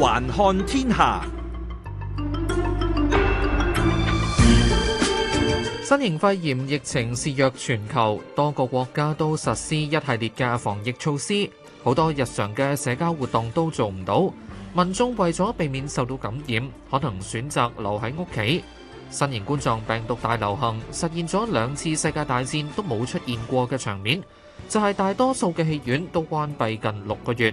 環看天下，新型肺炎疫情肆虐全球，多個國家都實施一系列嘅防疫措施，好多日常嘅社交活動都做唔到。民眾為咗避免受到感染，可能選擇留喺屋企。新型冠狀病毒大流行實現咗兩次世界大戰都冇出現過嘅場面，就係大多數嘅戲院都關閉近六個月。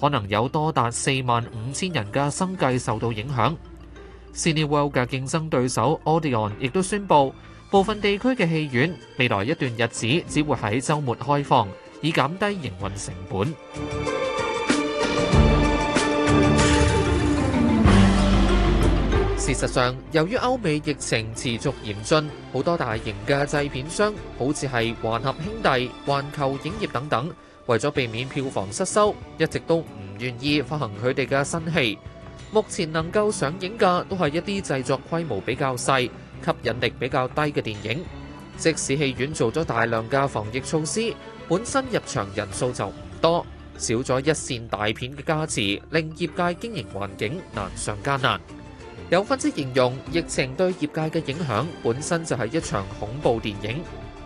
可能有多達四萬五千人嘅生計受到影響。Cineworld 嘅競爭對手 Odeon 亦都宣布，部分地區嘅戲院未來一段日子只會喺週末開放，以減低營運成本。事實上，由於歐美疫情持續嚴峻，好多大型嘅製片商，好似係華納兄弟、環球影業等等。為咗避免票房失收，一直都唔願意發行佢哋嘅新戲。目前能夠上映嘅都係一啲製作規模比較細、吸引力比較低嘅電影。即使戲院做咗大量嘅防疫措施，本身入場人數就唔多，少咗一線大片嘅加持，令業界經營環境難上加難。有分析形容，疫情對業界嘅影響本身就係一場恐怖電影。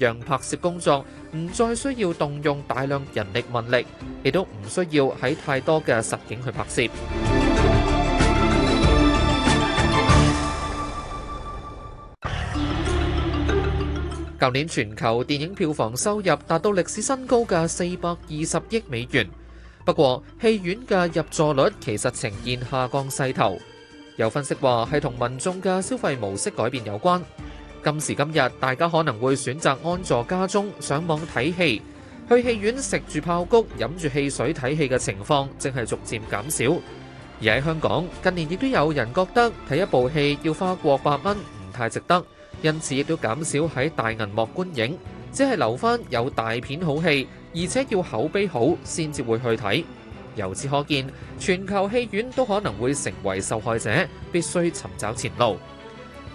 讓拍攝工作唔再需要動用大量人力物力，亦都唔需要喺太多嘅實景去拍攝。舊年全球電影票房收入達到歷史新高嘅四百二十億美元，不過戲院嘅入座率其實呈現下降勢頭。有分析話係同民眾嘅消費模式改變有關。今時今日，大家可能會選擇安坐家中上網睇戲，去戲院食住爆谷、飲住汽水睇戲嘅情況，正係逐漸減少。而喺香港，近年亦都有人覺得睇一部戲要花過百蚊唔太值得，因此亦都減少喺大銀幕觀影，只係留返有大片好戲，而且要口碑好先至會去睇。由此可見，全球戲院都可能會成為受害者，必須尋找前路。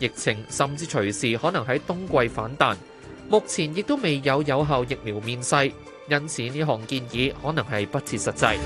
疫情甚至隨時可能喺冬季反彈，目前亦都未有有效疫苗面世，因此呢項建議可能係不切實際。